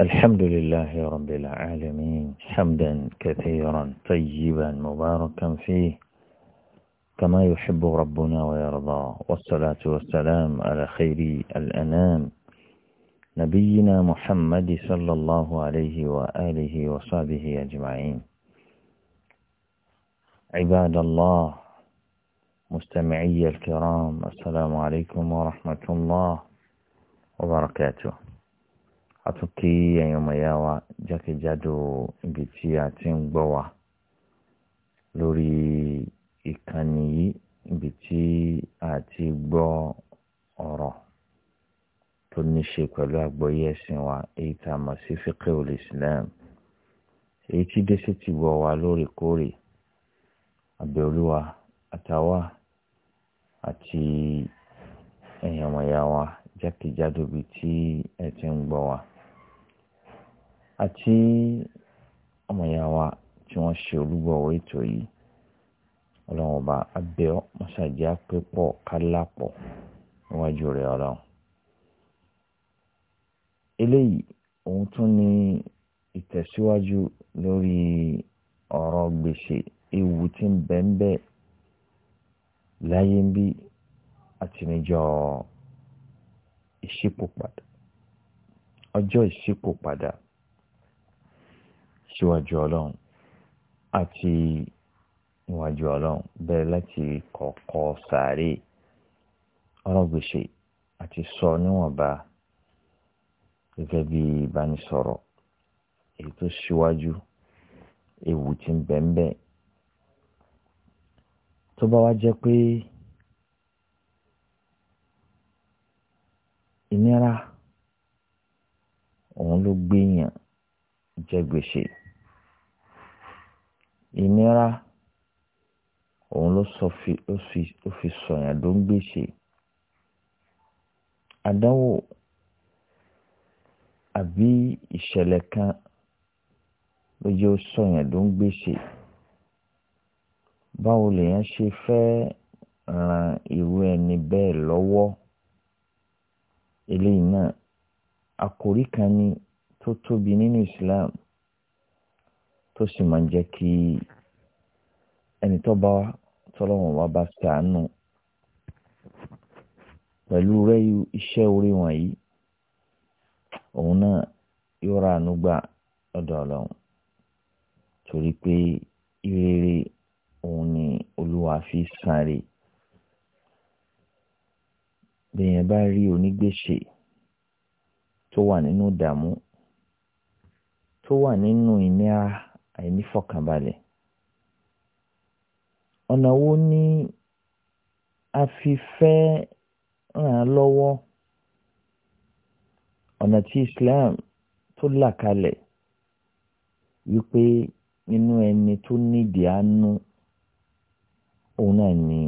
الحمد لله رب العالمين حمدا كثيرا طيبا مباركا فيه كما يحب ربنا ويرضى والصلاة والسلام على خير الأنام نبينا محمد صلى الله عليه وآله وصحبه أجمعين عباد الله مستمعي الكرام السلام عليكم ورحمة الله وبركاته àtúnkí ẹ̀yin ọmọ ìyá wa jákèjádò ibi tí a ti ń gbọ́ wa lórí ìkànnì yìí ibi tí a ti gbọ́ ọ̀rọ̀ tó ní ṣe pẹ̀lú àgbọ́yé ẹ̀sìn wa èyí tá a mọ̀ sí fiqhul Islam èyí tí dẹ́sẹ̀ ti wọ̀ wá lóòrèkóòrè àbẹ̀olúwa àtàwà àti ẹ̀yin ọmọ ìyá wa jákèjádò ibi tí ẹ ti ń gbọ́ wa àti ọmọ ìyá wa tí wọ́n ṣe olúgbọ̀wọ́ ètò yìí ọlọ́run ọba abẹ́ ọ́ mọ́ṣáájá pépọ̀ kálápọ̀ níwájú rẹ̀ ọlọ́run. eléyìí òun tún ní ìtẹ̀síwájú lórí ọ̀rọ̀ gbèsè ewu tí ń bẹ ń láyé ń bí àti ìṣípòpadà ọjọ́ ìṣípòpadà síwájú ọlọ́run àti níwájú ọlọ́run bẹ́ẹ̀ láti kọ̀ọ̀kọ̀ sàárè ọlọ́gbèsè àti sọ níwọ̀nba gẹ́gẹ́ bí ìbánisọ̀rọ̀ èyí tó síwájú ewu ti ń bẹ̀ ń bẹ̀. tó bá wá jẹ́ pé ìnira òun ló gbéyàn jẹ gbèsè. ìnira òun ló sọ fi ó fi ó fi ló ń gbèsè àdánwò àbí ìṣẹ̀lẹ̀ kan ló yẹ ó ló ń gbèsè báwo lèèyàn ṣe fẹ́ ran irú ẹni bẹ́ẹ̀ lọ́wọ́ eléyìí náà àkòrí kan ni tó tóbi nínú Islam. tó sì máa ń jẹ́ kí ẹni tó bá wá wá bá ṣàánú pẹ̀lú rẹ́yù iṣẹ́ orí wọ̀nyí òun náà yóò ra àánú gbà lọ́dọ̀ ọlọ́run torí pé ìrere òun ni olúwa fi sáré bẹ́ẹ̀yẹn bá rí onígbèsè tó wà nínú ìdààmú tó wà nínú ìnira. àìnífọ̀kànbalẹ̀ ọ̀nà wo ni a fi fẹ́ ràn án lọ́wọ́ ọ̀nà tí Islam tó là kalẹ̀ wípé nínú ẹni tó nídìí àánú òun náà ni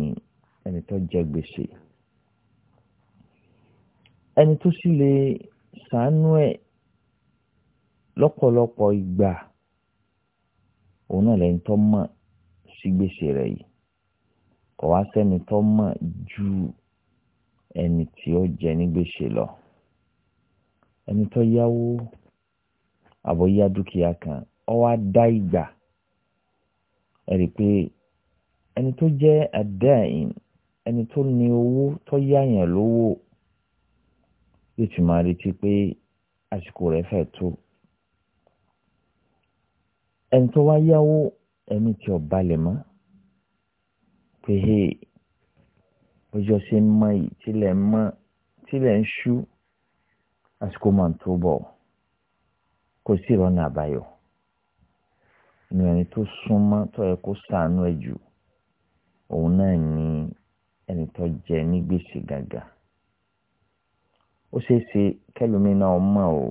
ẹni tó jẹ gbèsè ẹni tó sì lè sàánú ẹ̀ lọ́pọ̀lọpọ̀ ìgbà òun náà lẹ́ni tó mọ̀ sí gbèsè rẹ̀ yìí kò wá sẹ́ni tó mọ̀ ju ẹni tí ó jẹ ní gbèsè lọ ẹni tó yáwó àbọ̀yá dúkìá kan ó wá dá ìgbà ẹ rí i pé ẹni tó jẹ́ àdáyìn ẹni tó ní owó tó yáyàn lówó yóò ti máa retí pé àsìkò rẹ̀ fẹ́ tó ẹni tó wá yáwó ẹni tí ò balẹ̀ mọ́ pé he bójú ṣe ń mọ yìí tílẹ̀ ń mọ́ tílẹ̀ ń ṣú àsìkò máa ń tó bọ̀ kò sí ìrọ̀nà àbáyọ ní ẹni tó súnmọ́ tó yẹ kó sàánú ẹ̀ jù òun náà ní ẹni tó jẹ ní gbèsè gàgà ó ṣeé ṣe kẹlòmínà ọmọ o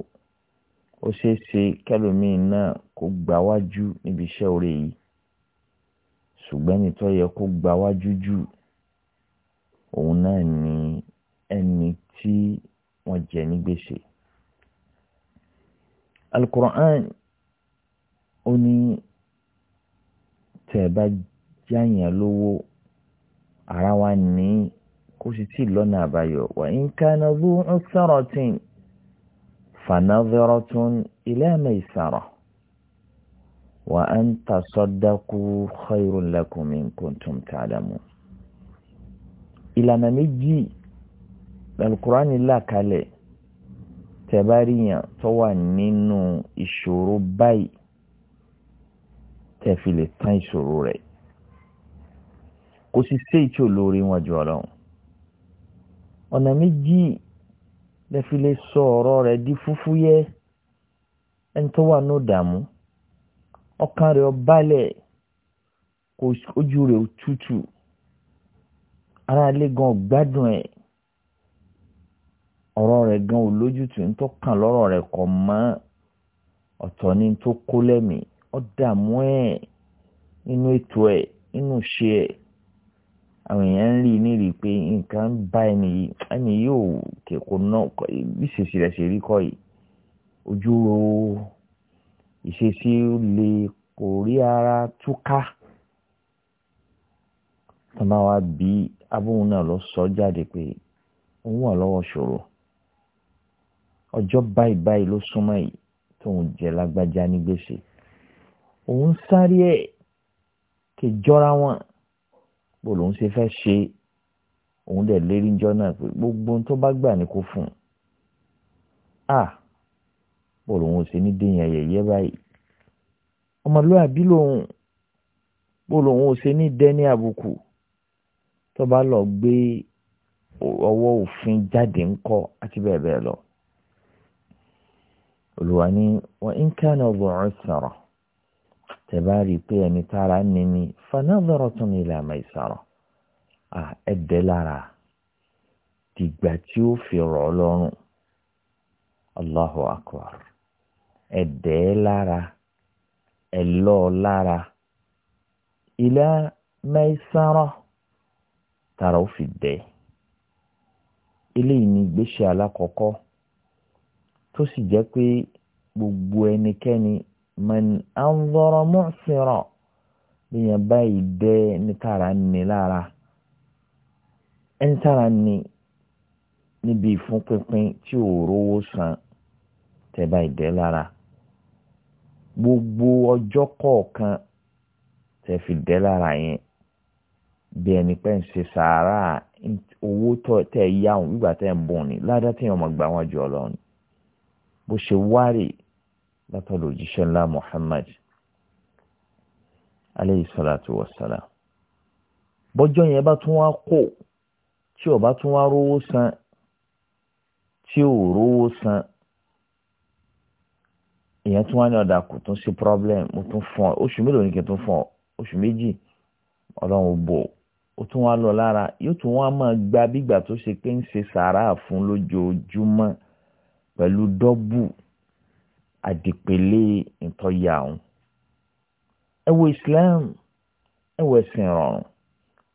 ó ṣeé ṣe kẹlòmíì náà kó gba wájú níbi iṣẹ́ oore yìí ṣùgbọ́n ẹni tó yẹ kó gba wájú jù òun náà ni ẹni tí wọ́n jẹ ní gbèsè. alukur'an ó ní tẹ̀ bá jáyàn lówó ara wa ní kó sì tí lọ́nà àbáyọ wà ń kánà bú ń sọ̀rọ̀ فنظرة إلى ميسرة وأن تصدقوا خير لكم إن كنتم تعلمون ìlànà méjì alukurani là kalẹ̀ tẹ̀báríyàn tó wà nínú ìṣòro báyìí tẹ̀fi lè tán ìṣòro rẹ̀ kò sì séyìí tí lórí wọn jù ọlọ́run ọ̀nà méjì lẹ́fi lè sọ ọ̀rọ̀ rẹ̀ di fúfúyẹ́ ẹni tó wà ní ìdààmú ọkàn rẹ̀ ó balẹ̀ ojú rẹ̀ ó tutù ara ilé gan gbádùn ẹ̀ ọ̀rọ̀ rẹ̀ gan ò lójútùú ń tó kàn lọ́rọ̀ rẹ̀ kọ̀ mọ́ ọ̀tọ̀ ni tó kó lẹ́mìí ó ẹ̀ nínú ètò ẹ̀ nínú ìṣe ẹ̀ àwọn èèyàn ń rí ní rí i pé nǹkan ń bá ẹni yìí ẹni yóò kẹ̀kọ́ náà ìṣesí rẹ̀ ṣe rí kọ́ yìí ojú ro ìṣesí lè kò rí ara túká tọ́mọ wa bí abóhun náà lọ sọ jáde pé òun wà lọ́wọ́ ṣòro ọjọ́ báyìí báyìí ló súnmọ́ yìí tóun jẹ lágbájá ní gbèsè òun sáré ẹ̀ kejọ́ra wọn bó lòun ṣe fẹ́ ṣe òun dẹ̀ lérí ńjọ́ náà pé gbogbo ohun tó bá gbà ní kó fún un à bó lòun ò ṣe ní déyàn yẹ̀yẹ́ báyìí ọmọlúwàbí lòun bó lòun ò ṣe ní dẹ́ni àbùkù tó bá lọ gbé ọwọ́ òfin jáde ńkọ́ àti bẹ́ẹ̀ bẹ́ẹ̀ lọ olùwà ni wọ́n ń kánà ọ̀bùn ọ̀sọ̀rọ̀ tẹ̀bá rí i pé ẹni tára ní ni fanadharatun ila maisara à ẹ̀dẹ́ lára dìgbà tí ó fi rọ̀ ọ́ lọ́rùn Allahu akbar ẹ̀dẹ́ lára ẹ̀lọ́ lára ila maisara tara ó fi dẹ́ eléyìí ni ìgbésẹ̀ alákọ̀ọ́kọ́ tó sì jẹ́ pé gbogbo ẹnikẹ́ni من أنظر mọ́sirọ bíyàn báyìí dẹ́ ní tara ní lára ẹni tara ní níbi ìfúnpinpin tí ò rówó san tẹ́ báyìí dẹ́ lára gbogbo ọjọ́ kọ̀ọ̀kan tẹ́ fi dẹ́ lára yẹn bí ẹni pẹ́ ń ṣe sàárà owó tẹ́ yá òun nígbà tẹ́ ń bùn ni ládàá tẹ́yàn ọmọ gbà wọ́n jù ọ lọ́rùn bó ṣe wárè látọ̀dọ̀ òjíṣẹ́ ńlá Muhammad aleyhi salatu wa salam bọ́jọ́ yẹn bá tún wá kó tí ó bá tún wá rówó san tí ò rówó san ìyẹn tún wá ní ọ̀dà kò tún sí problem mo tún fún ọ oṣù mélòó ni kí n tún fún oṣù méjì ọlọ́run bò ó tún wá lọ lára yóò tún wá máa gba bígbà tó ṣe pé ń ṣe sàárà fún lójoojúmọ́ pẹ̀lú dọ́bù àdìpẹ̀lẹ̀ ìtọ́yà òun. ẹ wo Islam ẹ wo ẹ̀sìn rọrùn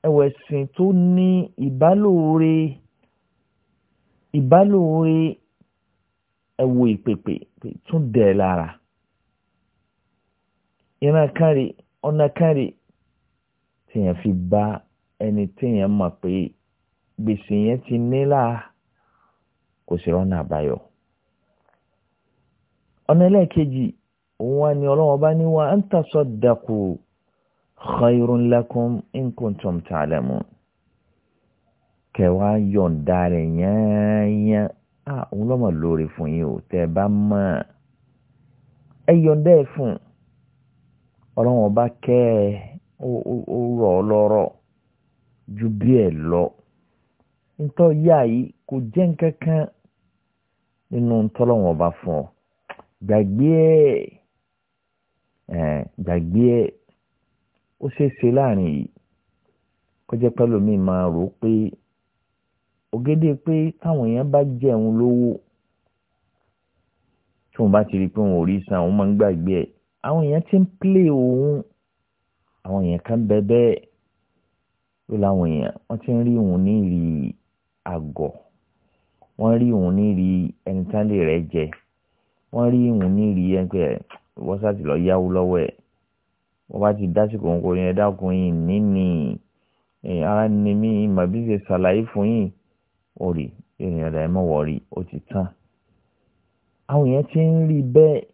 ẹ wo ẹ̀sìn tó ní ìbálòore ìbálòore ẹ wo ìpèpè tún dẹ̀ lára ìran kan rè ọ̀nà kan rè fi bá ẹni téèyàn mọ̀ pé gbèsè yẹn ti nílà kò sí ọ̀nà àbáyọ ọ̀nà ẹlẹ́ẹ̀kejì wọn ni ọlọ́wọ́n bá ní wa an tasaddaqu khayrun lakum in kuntum ta'lamun kẹwàá yọ̀ǹda rẹ̀ yányá à òun lọ́mọ lóore fún yín o tẹ́ ẹ bá mọ̀ ẹ yọ̀ǹda ẹ̀ fún ọlọ́wọ́n bá kẹ́ ẹ ó rọ̀ ọ lọ́rọ̀ ju bí ẹ lọ ntọ́ yá yìí kò jẹ́ nǹkan kan nínú ntọ́lọ́wọ́n bá fún ọ gbàgbé ẹ̀ gbàgbé ẹ̀ ó ṣeé ṣe láàrin yìí kọjá pẹ́lú mi máa rò ó pé ògédé pé táwọn èèyàn bá jẹun lówó tí wọn bá ti rí i pé wọn ò rí san òun máa ń gbàgbé ẹ̀ àwọn èèyàn ti ń plé òun àwọn èèyàn kan bẹ bẹ́ẹ̀ ló láwọn èèyàn wọ́n ti ń rí òun ní ìrì àgọ̀ wọ́n rí òun ní ìrì ẹni tá jẹ wọ́n rí ìwọ̀n ní ìrì yẹn pé wọ́sàtì lọ yáwó lọ́wọ́ ẹ̀ wọ́n bá ti dásìkò ń korin ẹ̀dá ọkùnrin níní ara ni mí ìmọ̀ bí ṣe ṣàlàyé fún yín ó rí ènìyàn rẹ̀ mọ̀ wọ̀ rí ó ti tán. àwọn èèyàn ti ń rí bẹ́ẹ̀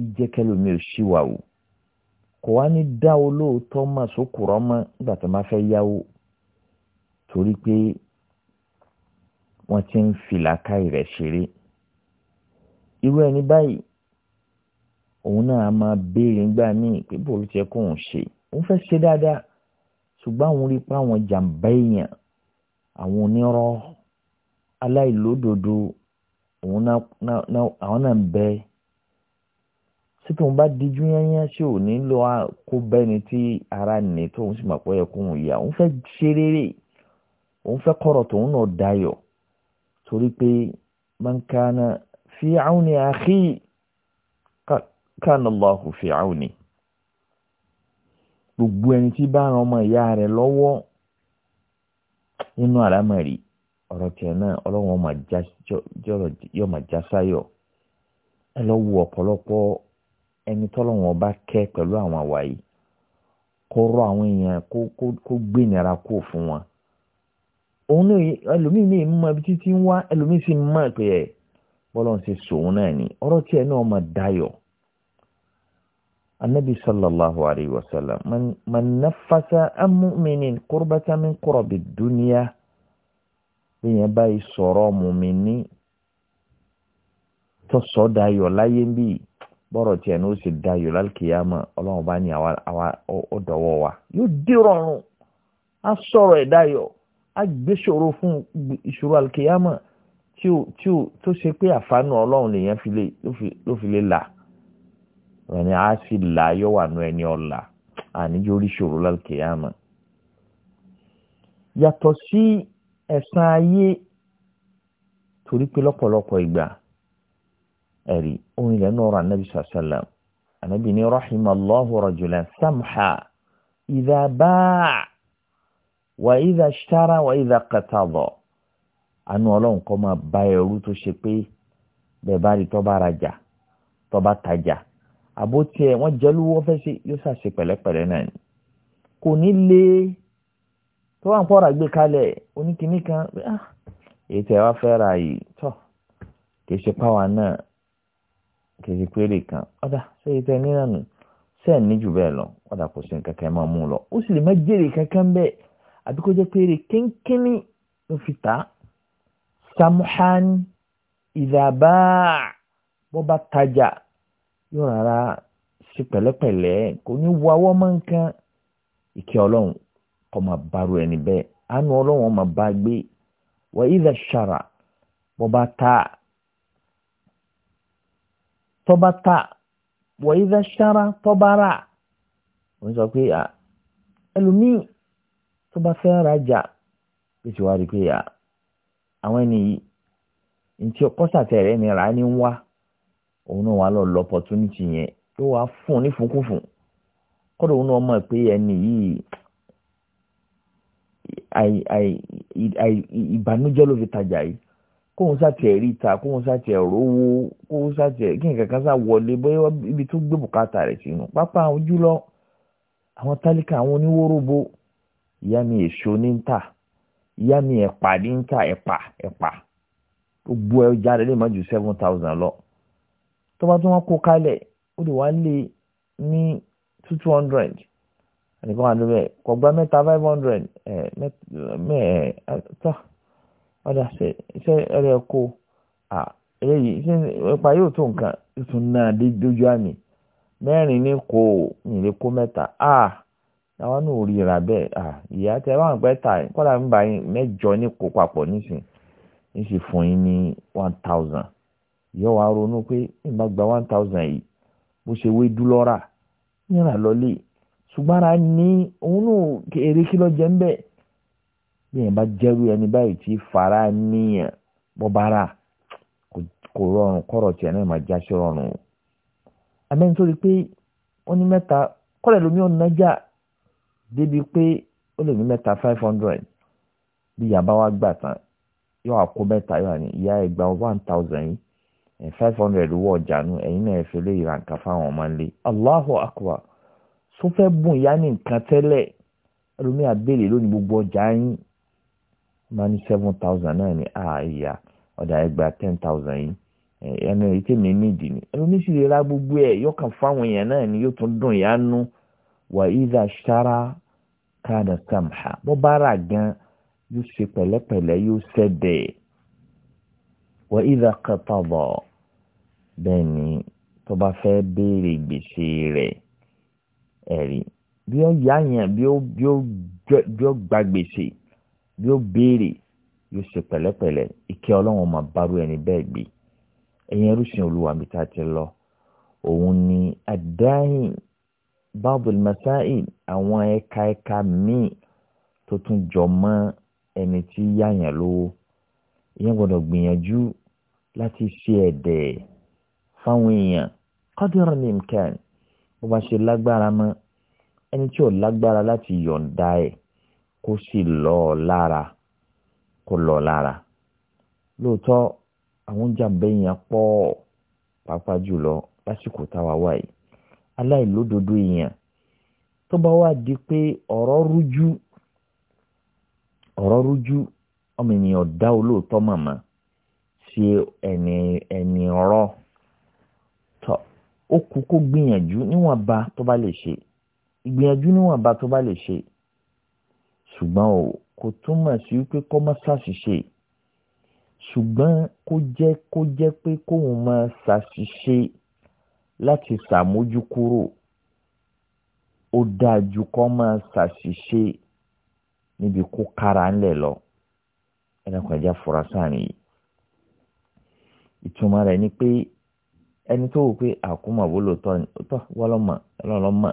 ìjẹ́kẹ́lómi ò ṣìwà o kò wá ní dá olóòótọ́ mọ̀ sókùrọ́ mọ́ nígbà tó máa fẹ́ yáwó torí pé wọ́n ti ń fìlà ká ìrẹ̀ ṣeré irú ẹni báyìí òun náà máa béèrè ńgbà míì pé bóòlù tiẹ̀ kó òun ṣe òun fẹ́ ṣe dáadáa ṣùgbọ́n àwọn rí pa àwọn jàǹbá èèyàn àwọn onírọ́ aláìlódodo òun náà àwọn náà ń bẹ sí tóun bá díjú yányán ṣé ò ní lọ kó bẹ́ni tí ara nì tóun sì mọ̀ pé ẹ̀ kóun yà òun fẹ́ ṣe rere òun fẹ́ kọ̀rọ̀ tóun náà dayọ̀ torí pé man kana fi auni akhi kana Allahu fi auni gbogbo ẹni tí bá ran ọmọ ìyá rẹ̀ lọ́wọ́ nínú àlámọ̀rí ọ̀rọ̀ tiẹ̀ náà ọlọ́run yóò máa já sáyọ̀ ẹ lọ wo ọ̀pọ̀lọpọ̀ ẹni tọ́lọ́run ọba kẹ́ pẹ̀lú àwọn àwa yìí kó rọ àwọn èèyàn kó gbé ìnira kó fún wọn òun náà ẹlòmíín ní ìmọ̀ ibi títí ń wá ẹlòmíín sì ń mọ̀ pé ẹ̀ bọ́lọ́n ṣe sòun náà ni ọ̀rọ̀ tiẹ̀ náà mà dayọ̀ anabi sallallahu alayhi wa sallam man nafasa an mu'minin kurbata min kurabi duniya bẹ́ẹ̀ báyìí sọ̀rọ̀ mùmíní tó sọ dayọ̀ láyé bíi bọ́rọ̀ tiẹ̀ ní ó sì dayọ̀ lálùkìyàmọ̀ ọlọ́run bá ní àwa ó dọ̀wọ́ wa yóò dìrọ̀rùn á sọ̀rọ̀ ẹ̀ dayọ̀ á gbéṣòro fún ìṣòro àlùkìyàmọ̀ tí ò tí ò tó ṣe pé àfánù ọlọ́run lèèyàn fi lè ló fi lè là ẹni á sì là yọ wà nù ẹni ọ̀la àníjó orí ṣòro lálùkìyàmà yàtọ̀ sí ẹ̀san ayé torí pé lọ́pọ̀lọpọ̀ ìgbà ẹ̀rí orin ilẹ̀ náà rà nàbì sàṣàlà ànábì ní rahim allahu rajulan samha idha baa wa idha ishtara àánú ọlọ́run kó máa bá ẹrú tó ṣe pé bẹ́ẹ̀ bá rí tọ́ba rajà tọ́ba tajà àbó tiẹ̀ wọ́n jẹ́ lówó fẹ́ ṣe yóò ṣàṣe pẹ̀lẹ́pẹ̀lẹ́ náà ni kò ní lé tó wà ń pọ̀ra gbé kalẹ̀ oníkìní kan ah, èyí tẹ̀ wá fẹ́ ra yìí tọ̀ kì í ṣe páwa náà kì í ṣe péré kan ọ̀dà ṣé èyí tẹ̀ nínà nù sẹ́ẹ̀ ní bẹ́ẹ̀ lọ ọ̀dà kò sí nǹkan máa mú un lọ ó sì lè má jèrè kankan bẹ́ẹ̀ àbí kó jẹ́ péré kínkínní ló fi tà samhan ìdàbà bó bá tajà yóò rárá sí pẹ̀lẹ́pẹ̀lẹ́ kò ní wo awọ́ mọ́ nǹkan ìkẹ́ ọlọ́run kọ́ máa bárò ẹni bẹ́ẹ̀ àánú ọlọ́run máa bá gbé wà ìdà ṣàrà bó bá ta tó ta wà ìdà ṣàrà tó bá rà wọ́n sọ pé ẹlòmíì tó bá fẹ́ bí ti wá rí pé yàrá àwọn ẹni yìí ntí ọkọ sàtẹ̀rẹ́ ni rà á ní ń wá òun náà wà lọ lọ opportunity yẹn yóò wá fún un ní fúnkúfùn kọ́dọ̀ òun náà mọ̀ pé ẹni yìí ìbànújẹ́ ló fi tajà yìí kóun sàtẹ̀ rí ta kóun sàtẹ̀ rówó kóun sàtẹ̀ kí nǹkan kan sà wọlé bóyá ibi tó gbé bùkátà rẹ̀ sínú pápá àwọn jùlọ àwọn tálíkà àwọn oníwóróbo ìyá mi èso ní ń tà ìyá mi ẹ̀pà ní ń ta ẹ̀pà ẹ̀pà gbogbo ẹja rẹ̀ lè má ju seven thousand lọ tó bá tún wọn kó kálẹ̀ ó lè wá lé ní two two hundred ẹnìkan wà lóbẹ̀ kọ̀gbá mẹ́ta five hundred ẹ̀ mẹ́ ẹ̀ tọ́ ọ̀dà ṣe iṣẹ́ ẹ̀rẹ̀ kó à eléyìí ṣe ẹ̀pà yóò tó nǹkan tuntun náà dójú àmì mẹ́rin ní kó ní ilé kó mẹ́ta ah àwọn náà ò rí ra bẹ́ẹ̀ ìyá tẹ bá wọn pẹ́ ta kọ́dà ń bá yín mẹ́jọ ní kó papọ̀ nísìn ń fún yín ní one thousand ìyá wa ronú pé ìbá gba one thousand yìí bó ṣe wé dúlọ́rà yíra lọ́lé ṣùgbọ́n ara ní òun náà èrè kí ló jẹ́ ń bẹ̀ bí yẹn bá jẹ́rú ẹni báyìí tí fara níyàn bọ́bára kò rọrùn kọ́rọ̀ tiẹ̀ náà máa já sí rọrùn o àmẹ́ni rí pé ó ní mẹ́ta kọ́lẹ̀ débi pé ó lè ní mẹ́ta five hundred bí yàrá wa gbà tán yóò àkó mẹ́ta yóò ní ìyá ẹgbàá one thousand yìí five hundred wọ ọjà nù ẹ̀yin náà ẹ̀fẹ́ lè ra nǹkan fáwọn ọmọ nílé Allahu akbar sọ fẹ́ bùn ìyá ní nǹkan tẹ́lẹ̀ ẹlòmíà béèrè lónìí gbogbo ọjà yín máa ní seven thousand náà ní àìyá ah, ọ̀dà ẹgbàá ten thousand yìí ẹnu èyí tèmi nídìí ni ẹlòmíà sì lè ra gbogbo ẹ̀ yọkàn fáwọn èèyàn náà ni yóò tún dùn ìyá nù wà ìdá ṣára kánà sàmhà bó bá rà gan yóò ṣe pẹ̀lẹ́pẹ̀lẹ́ yóò ṣẹ̀dẹ̀ wà ìdá kẹtàbọ̀ bẹ́ẹ̀ ni tó bá fẹ́ béèrè gbèsè rẹ̀ ẹ̀rí bí ó yá yẹn bí ó bí ó bí ó gba gbèsè bí ó béèrè yóò ṣe pẹ̀lẹ́pẹ̀lẹ́ ìkẹ́ ọlọ́run máa bárú ẹni bẹ́ẹ̀ gbé ẹ̀yin ẹrú sin olúwa mi tá a ti lọ òun ni adáhìn babul masail àwọn ẹ̀ka ẹ̀ka míì tó tún jọ mọ́ ẹni tí yáyàn lówó ìyẹn gbọ́dọ̀ gbìyànjú láti ṣe ẹ̀dẹ̀ fáwọn èèyàn kọ́dọ̀rọ̀ ní nǹkan bó bá ṣe lágbára mọ́ ẹni tí ò lágbára láti yọ̀ǹda ẹ̀ kó sì lọ lára kó lọ lára lóòótọ́ àwọn jàǹbá èèyàn pọ̀ pàápàá jùlọ lásìkò táwa wà aláìlódodo èèyàn tó bá wá di pé ọ̀rọ̀ rújú ọ̀rọ̀ rújú ọmọ ènìyàn dá olóòótọ́ màmá ṣe ẹni ẹni ọ̀rọ̀ tọ́ ó kú kó gbìyànjú níwọ̀nba tó bá lè ṣe ìgbìyànjú níwọ̀nba tó bá lè ṣe ṣùgbọ́n o kò túmọ̀ sí wípé kọ́ mọ́ ṣàṣìṣe ṣùgbọ́n kó jẹ́ kó jẹ́ pé kóun máa ṣàṣìṣe láti ṣàmójúkúrò ó dáa ju kọ́ máa ṣàṣìṣe níbi kó kára ńlẹ̀ lọ ẹnìkan ẹ̀já fura sáàrin yìí ìtumọ̀ rẹ̀ ni pé ẹni tó wò pé àkúmọ̀ wò lò tọ́ wọ́lọ́mọ̀ ọlọ́lọ́mọ̀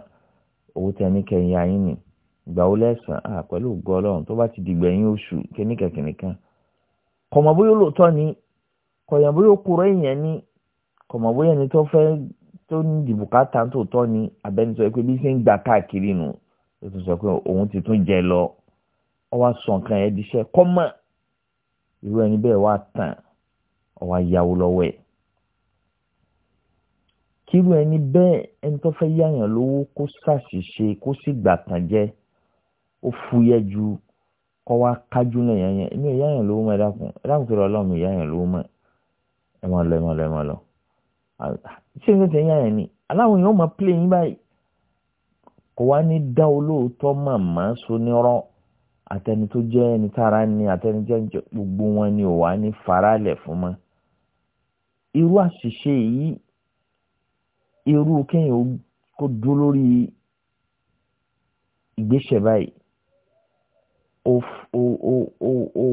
owó tẹ ní kẹyìn ayé nì ìgbà wo lẹ́sàn án pẹ̀lú ògo ọlọ́run tó bá ti dìgbà ẹ̀yìn oṣù kẹ́nìkẹ̀kẹ̀nìkan kọ̀mọ̀ bóyá lòótọ́ ni kọ̀yàn bóyá okùnrin èèyàn ni kọ̀mọ̀ bóyá ẹni tó fẹ́ tó ń di bùkátà tó tọ́ ni abẹ́ni sọ pé bí ṣe ń gbà káàkiri nù ó tún sọ pé òun ti tún jẹ lọ ọ wá sọ nǹkan yẹn di iṣẹ́ kọ́mọ̀ irú ẹni bẹ́ẹ̀ wá tàn ọ wá yáwó lọ́wọ́ ẹ̀ kírú ẹni bẹ́ẹ̀ ẹni tó fẹ́ yáyàn lówó kó ṣàṣìṣe kó sì gbà tàn jẹ́ ó fúyẹ́ ju kọ́ wá kájú náà yáyàn èmi ò yáyàn lówó mọ́ ẹ dákun ẹ dákun tó ọlọ́run yáyàn lówó mọ́ ẹ máa lọ ẹ máa lọ ẹ máa lọ ṣé nǹkan tẹ̀yìn àyàn ni aláwọn èèyàn máa pílẹ̀ yín báyìí kò wá ní dá olóòótọ́ màmá so ní rán àtẹni tó jẹ́ ẹni tára ni àtẹni jẹ́ gbogbo wọn ni ò wá ní faralẹ̀ fún mọ́ irú àṣìṣe o irú kéèyàn kó dúró lórí ìgbésẹ̀ o o o o o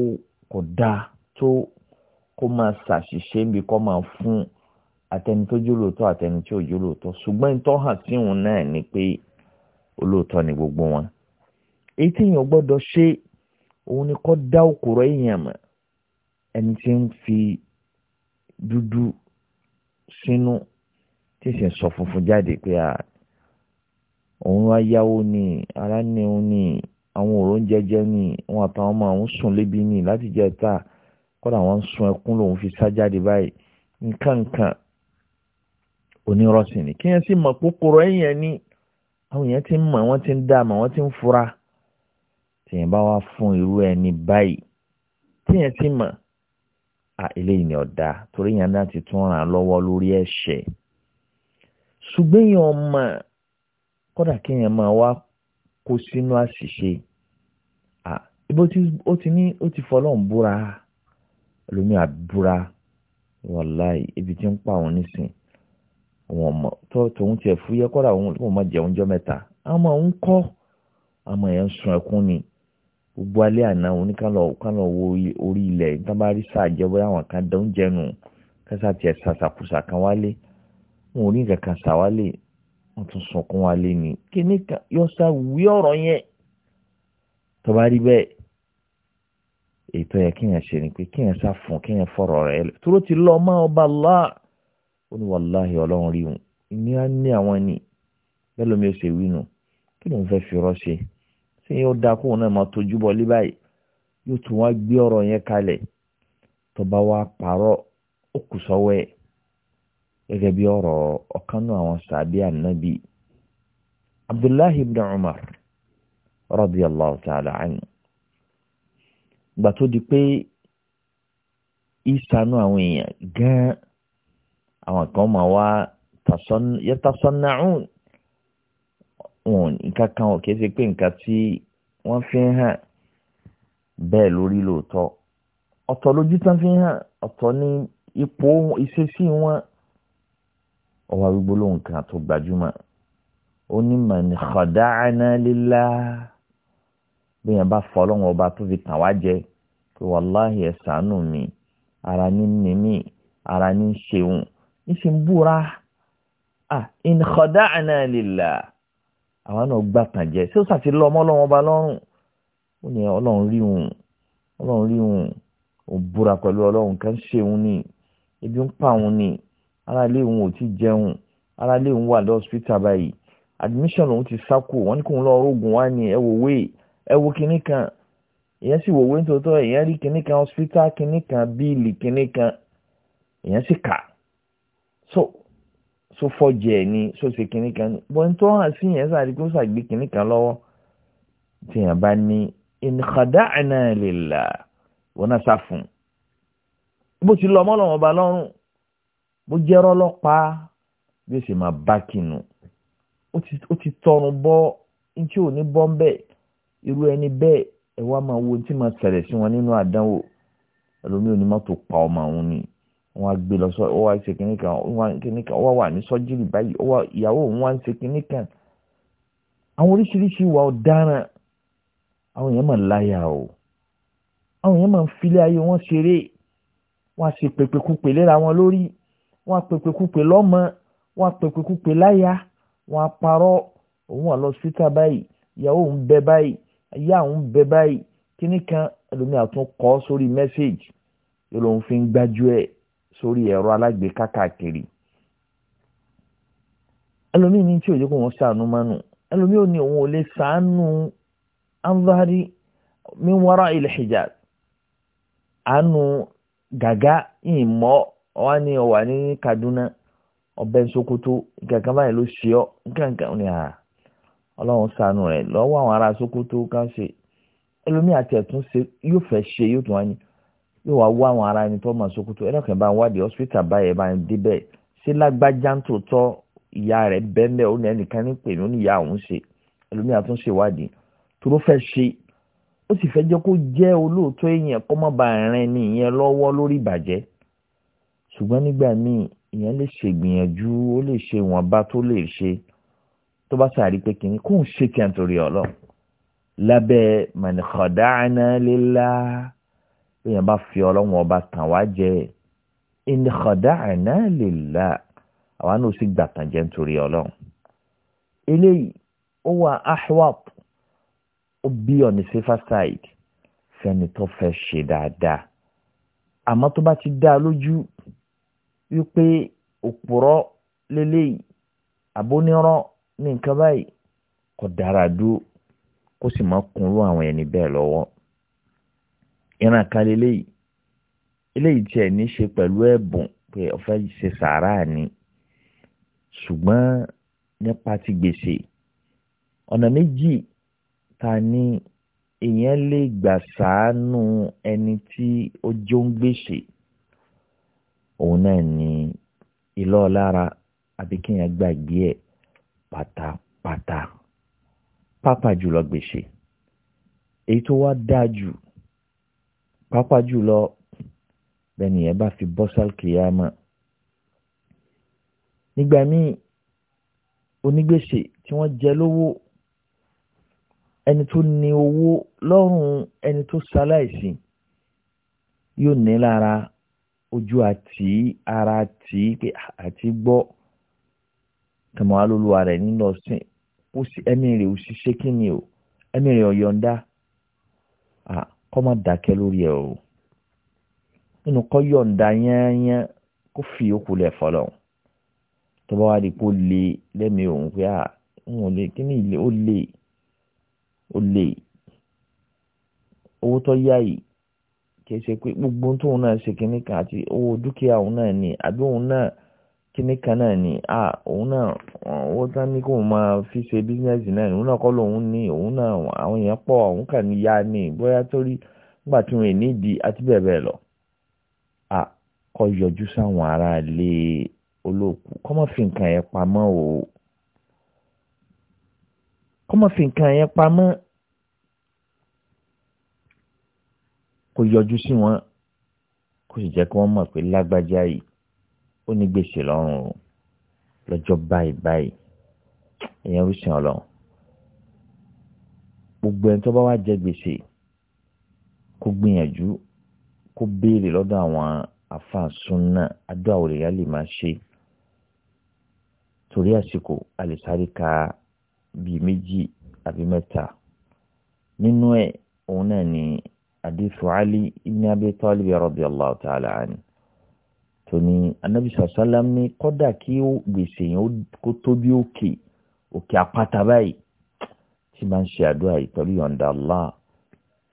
kò dáa tó kó máa ṣàṣìṣe níbi kó máa fún un àtẹni tó jó lóòótọ́ àtẹni tí ò jó lóòótọ́ ṣùgbọ́n ìtọ́ hàn sí òun náà ni pé olóòótọ́ ni gbogbo wọn. èyí tí èèyàn gbọ́dọ̀ ṣe òun ni kó dá òkúrọ̀ èèyàn mọ̀ ẹni tí ń fi dúdú sínú tí sì ń sọ funfun jáde pé à òun wá yáwó ni ara ni àwọn òrón jẹjẹ ni wọn àtàwọn ọmọ àwọn sùn lébi ni láti jẹ ta kódà wọn sun ẹkún lòun fi sá jáde báyìí nǹkan nǹkan onírọ́sìn ni kí yẹn sì mọ̀ kókóró ẹ̀yìn ẹ̀ ní àwọn èèyàn ti ń mọ̀ wọ́n ti ń dá àmọ̀ wọ́n ti ń fura tèèyàn bá wá fún irú ẹni báyìí tèèyàn ti mọ̀ à eléyìí ni ọ̀dà torí yẹn náà ti tún ràn án lọ́wọ́ lórí ẹ̀ṣẹ̀ ṣùgbọ́n èèyàn ọmọ kódà kéèyàn máa wá kó sínú àṣìṣe à ibo tí ó ti ní ó ti fọlọ́run búra lómi àbúra wàláì ibi tí ń pa òun nísìn wọn mọ tó tòun tiẹ̀ fúyẹ́ kọ́ra òun kò mọ jẹun jọ mẹ́ta àmọ́ òun kọ́ àmọ́ yẹn ń sun ẹkún ni gbogbo alẹ́ àná òun kàn lọ kàn lọ wo orí ilẹ̀ níta bá rí sáà jẹ́ bóyá àwọn kan dán jẹnu kẹsà tiẹ̀ sàṣàkùsà kan wálé wọn ò ní kankan sà wálé wọn tún sunkún wálé ni kíní kan yọ sá wí ọ̀rọ̀ yẹn tó bá rí bẹ́ẹ̀ ètò yẹ kíyàn ṣe ni pé kíyàn sá fún kíyàn fọ̀rọ̀ rẹ̀ lọ tó ló ti lọ ọmọ ó ní wàláhì ọlọ́run rí òun ní á ní àwọn ẹni bẹ́ẹ̀ lómi ó ṣe wí nù kí ló ń fẹ́ fi ọ̀rọ̀ ṣe ṣé yóò dáa kóun náà máa tójú bọ lé báyìí yóò tún wá gbé ọ̀rọ̀ yẹn kalẹ̀ tó bá pààrọ̀ ó kù sọ́wọ́ ẹ̀ gẹ́gẹ́ bí ọ̀rọ̀ ọ̀kan àwọn sàbí ànábì abdullahi ibn umar allah ta'ala di pé àwọn èèyàn gan-an àwọn kan máa wá yẹtasọ́nàún wọn nǹkan kan ò kìí ṣe pé nǹkan tí wọ́n fi ń hàn bẹ́ẹ̀ lórí lóòótọ́ ọ̀tọ̀ lójú tán fi ń hàn ọ̀tọ̀ ní ipò ìṣesí wọn ọwọ́ arúgbó lóhùn kan tó gbajúmọ̀ ó ní màní khada'ana lillah bí yẹn bá fọ́ ọlọ́run ọba tó fi tàn wá jẹ pé wàláhì ẹ̀ mi ara ní mímí ara ní ṣeun níṣẹ́ ń búra ah in khada'na lillah àwọn náà gbà tàn jẹ́ ṣé ó ṣàti lọ ọmọ ọlọ́run ọba lọ́rùn ó ní ọlọ́run rí òun ọlọ́run rí òun òun búra pẹ̀lú ọlọ́run kan ṣe òun ni ebi ń pa òun ni ara ilé òun ò ti jẹun ara ilé òun wà lọ́sítà báyìí admission òun ti sáko wọ́n ní kó ń lọ ọrọgùn wá ní ẹwọ wé ẹwọ kínní kan èèyàn sì wò wé nítòótọ́ èèyàn rí kínní kan hospital kínní kan bíìlì kínní kan èèyàn sì kà so so fọ́jẹ̀ ẹ̀ ni so ṣe kinní kan ni bọ́n tó hàn sí yẹn sáré kó ṣàgbé kinní kan lọ́wọ́ tí yẹn bá ní ìnkàdáàna lèlà wọn náà sá fún un bó ti lọ ọmọ lọ́wọ́ ọba lọ́rùn bó jẹ́rọ́ lọ́pàá bí ó ṣe máa bá kinu ó ti tọrùn bọ́ ntí ò ní bọ́ ń bẹ́ẹ̀ irú ẹni bẹ́ẹ̀ ẹ wá máa wo tí máa ṣẹlẹ̀ sí wọn nínú àdánwò ẹlòmíì onímọ́tò pa ọmọ òun ni wọ́n á gbé lọ sọ ọ wá ṣe kínní kan ọ wá wà ní sọ́jírì báyìí ọ wá ìyàwó òun wá ń ṣe kínní kan àwọn oríṣiríṣi ìwà ọ̀daràn àwọn èèyàn máa ń láyà o àwọn èèyàn máa ń filé ayé wọn ṣeré wọn á ṣe pèpèkúpè léra wọn lórí wọn á pèpèkúpè lọ́mọ wọn á pèpèkúpè láyà wọn á parọ́ òun àlọ́ síta báyìí ìyàwó òun bẹ báyìí ìyá òun bẹ báyìí kínní kan ẹlòmíà tún kọ́ sórí mẹ́sáàgì yóò lóun fi ń gbájú ẹ̀ sórí ẹ̀rọ alágbèéká káàkiri ẹlòmíì ní tí òye kò wọ́n ṣàánú mánu ẹlòmíì ò ní òun ò lè ṣàánú anvari min àánú gàgá ìmọ̀ wa ni ní Kaduna ọbẹ̀ Sokoto gàgá báyìí ló ṣe ọ́ gàgá ni à ọlọ́run ṣàánú rẹ̀ lọ́wọ́ àwọn ará Sokoto ká ṣe ẹlòmíì àti ẹ̀tún ṣe yóò fẹ́ ṣe yóò tún yóò wá wá àwọn ará ẹni tó mọ̀ Sokoto ẹlẹ́kùn bá ń wádìí hospital báyẹn bá ń débẹ̀ ṣé lágbájá ń tòótọ́ ìyá rẹ̀ bẹ́ẹ̀ ó ní ẹnìkan ní pè ní ó ní ìyá òun ṣe ẹlòmíì àtún ṣe ìwádìí tó ló fẹ́ ṣe ó sì fẹ́ jẹ́ kó jẹ́ olóòótọ́ èèyàn kó má ba rìn ní ìyẹn lọ́wọ́ lórí ìbàjẹ́ ṣùgbọ́n nígbà míì ìyẹn lè ṣègbìyànjú ó lè ṣe ìwọ̀nba tó lè ṣe tó bá sàrí pé kìíní kóun ṣe kí n torí ọlọ lábẹ́ mọ̀nìkọ̀dáná lélá èèyàn bá fi ọlọ́run ọba tàn wá jẹ in khada'na lillah àwa náà sì gbàtàn jẹ́ nítorí ọlọ́run eléyìí ó wà ahwap ó bí on the safer side fẹ́ni tó fẹ́ ṣe dáadáa àmọ́ tó bá ti dá a lójú wípé òpùrọ́ lélẹ́yìí àbóníràn ní nǹkan báyìí kò dára dúró kó sì má kunrú àwọn ẹni bẹ́ẹ̀ lọ́wọ́ ìran kan lélẹ́yìí eléyìí tiẹ̀ ní í ṣe pẹ̀lú ẹ̀bùn pé ọ̀fẹ́ ṣe sàárà ni ṣùgbọ́n nípa ti gbèsè ọ̀nà méjì ta ni èèyàn lè gbà sàánú ẹni tí ó jó ń gbèsè òun náà ni ìlọ́ lára àbí kéèyàn gbàgbé ẹ̀ pátápátá pápá jùlọ gbèsè èyí tó wá dáa jù pàápàá jùlọ bẹ́ẹ̀ni ẹ bá fi bọ́sàl kìyàmà nígbà míì onígbèsè tí wọ́n jẹ lówó ẹni tó ní owó lọ́rùn ẹni tó ṣaláìsí yóò ní lára ojú àti ara àti pé àti gbọ́ tẹ̀mọ́ alóluwa rẹ̀ nílọ sí ẹ̀mí rẹ̀ òṣìṣẹ́ kí ni o ẹ̀mí rẹ̀ ọ̀yọ̀ǹda. Ah kọ́ má dákẹ́ lórí ẹ̀ o nínú kọ́ yọ̀ǹda yẹ́nyẹ́ kó fi òkú lẹ̀ fọlọ́ tó bá wá di kó le lẹ́mìí òun pé à ń wọ́n lè kí ni ìlé ó lè ó lè owó tó yá yìí kì í ṣe pé gbogbo tóun náà ṣe kínní kan àti owó dúkìá òun náà ni àbí òun náà kíní kan náà ni à òun náà owó tán ní kó máa fi ṣe bísíǹsì náà òun náà kọ́ lòun ní òun náà àwọn èèyàn pọ̀ òun kàn ní ya ni bóyá torí nígbà tí wọn nídìí àti bẹ́ẹ̀ bẹ́ẹ̀ lọ à kọ́ yọjú sáwọn ará ilé olóòkú kọ́ mọ́ fi nǹkan yẹn pamọ́ o kọ́ fi nǹkan yẹn pamọ́ kó yọjú sí wọn kó sì jẹ́ kí wọ́n mọ̀ pé lágbájá yìí ó ní gbèsè lọ́rùn o lọ́jọ́ báyìí báyìí ìyẹn oríṣi ọlọ́run gbogbo ẹni tó bá wá jẹ gbèsè kó gbìyànjú kó béèrè lọ́dọ̀ àwọn afáàsùn náà adó àwòrán lè máa ṣe torí àsìkò a ka bíi méjì àbí mẹ́ta nínú ẹ̀ òun náà ni adéfò Ali ibn Abi Talib radiyallahu ta'ala anhu tòní anabi sàlám ní kọ́dà kí gbèsè yẹn kó tóbi òkè òkè àpáta báyìí tí máa ń ṣe àdúrà yìí pẹ̀lú yọ̀ǹda Allah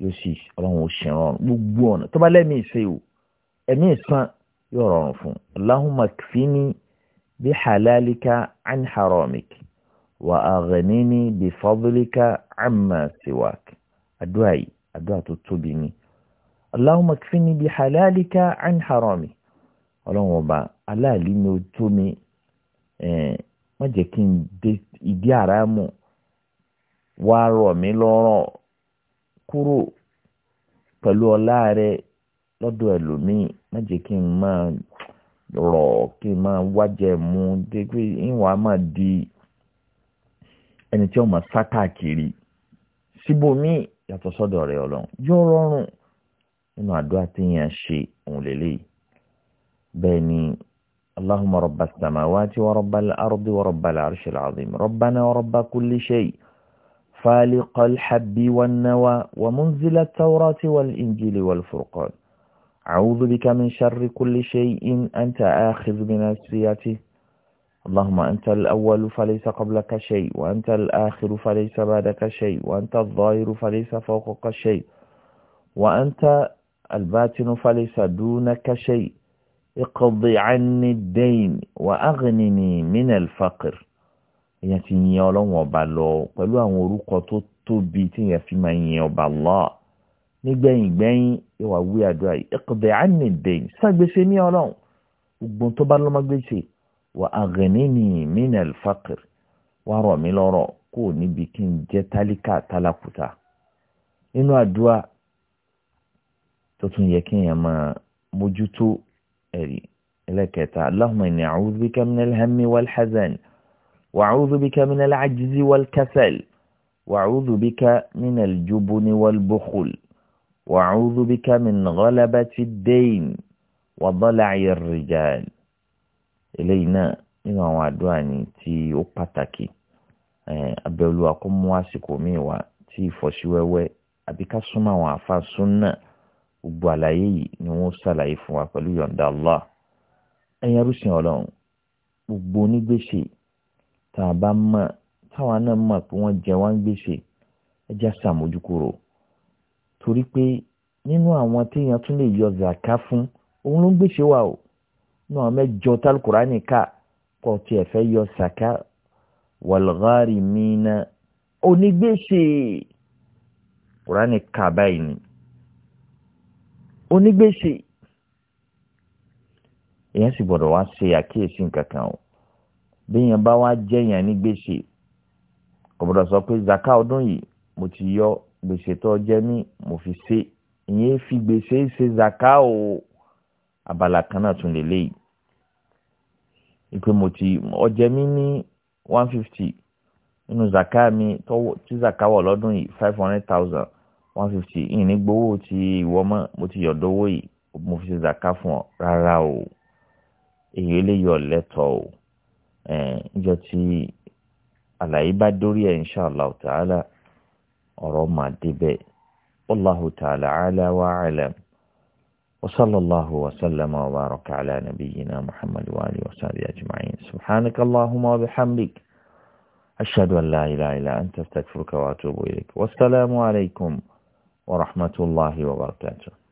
yóò sì ọlọ́run ó ṣe rọrùn gbogbo ọ̀nà tó bá lẹ́mìí ṣe o ẹ̀mí ìsan yóò rọrùn fún un Allahumma kfini bi halalika an haramik wa aghnini bi fadlika amma siwak àdúrà yìí àdúrà tó tóbi ni Allahumma kfini bi halalika an haramik. ọlọ́run ọba aláàlí ni ò tó mi má jẹ́ kí n dé ìdí àràmù wá rọ̀ mí kúrò pẹ̀lú ọlá rẹ lọ́dọ̀ ẹlòmíì má jẹ́ kí n máa rọ̀ kí n máa mu dé pé máa di ẹni tí wọ́n máa sá káàkiri síbòmíì yàtọ̀ sọ́dọ̀ rẹ ọlọ́run yóò rọrùn nínú àdúrà téèyàn ṣe òun بين اللهم رب السماوات ورب الأرض ورب العرش العظيم ربنا ورب كل شيء فالق الحب والنوى ومنزل التوراة والإنجيل والفرقان أعوذ بك من شر كل شيء أنت آخذ بناصيته اللهم أنت الأول فليس قبلك شيء وأنت الآخر فليس بعدك شيء وأنت الظاهر فليس فوقك شيء وأنت الباطن فليس دونك شيء iqdi anni dain wa aghnini min al-faqr èèyàn ti yin ọlọ́run ọba lọ pẹ̀lú àwọn orúkọ tó tóbi tí èèyàn fi máa yin ọba Allah nígbẹ̀yìn gbẹ̀yìn ìwà wí àdúrà yìí iqdi anni dain sàgbèsè ní ọlọ́run gbogbo tó bá lọ́mọgbèsè wa aghnini min al wà rọ̀ mí lọ́rọ̀ kó o níbi kí n jẹ́ tálíkà tálákùtà nínú àdúrà tó tún yẹ kéèyàn máa mójútó ẹ̀rí ẹlẹ́kẹta allahumma inni a'udhu bika min al-hammi wal-hazan wa a'udhu bika min al-'ajzi wal-kasal wa a'udhu bika min al-jubni wal-bukhul wa a'udhu bika min ghalabati ad-dayn wa dala'i ar-rijal eléyìí náà nínú àwọn àdúrà ni tí ó pàtàkì abẹ́olú akọ́mú àsìkò míì wá tí ìfọ̀síwẹ́wẹ́ àbí ká súnmọ́ àwọn àfa súnà gbogbo àlàyé yìí ni wọ́n ṣàlàyé fún wa pẹ̀lú yọ̀ǹda Allah ẹ̀yin arúsìn ọlọ́run gbogbo onígbèsè tá a bá mọ̀ táwọn náà mọ̀ pé wọ́n jẹ wá ń gbèsè ẹja ṣàmójúkúrò torí pé nínú àwọn téèyàn tún lè yọ zàká fún òun ló ń gbèsè wa o nínú àwọn mẹ́jọ tálkùránì ká kọ́ tiẹ̀ fẹ́ yọ zàká wàlúùárì mìíràn onígbèsè kùránì ká ni onígbèsè èèyàn sì gbọ́dọ̀ wá ṣe àkíyèsí nǹkankan o béèyàn bá wá jẹ́yàn ní gbèsè kò sọ pé zaka ọdún yìí mo ti yọ gbèsè tó jẹ́ ní mo fi ṣe ìyẹn fi gbèsè ṣe zaka o abala kan náà tún lélẹ́yìí ìpè mo ti ọjẹ́ mi ní one fifty nínú zaka mi tí zaka wọ̀ lọ́dún yìí five hundred thousand one fifty ìní gbowó ti ìwọ mọ́ mo ti yọ̀dọ̀ owó yìí mo fi ṣe zaka fún ọ rárá o èyí eléyìí ọ̀lẹ́tọ̀ o níjọ tí àlàyé bá dórí ẹ̀ insha Allah ta'ala ọ̀rọ̀ máa débẹ̀ wallahu ta'ala ala wa alam wa sallallahu wa sallama wa baraka ala nabiyyina muhammad wa alihi wa sahbihi ajma'in subhanaka allahumma wa bihamdik ashhadu an la ilaha illa anta wa rahmatulahi wa barakatuh.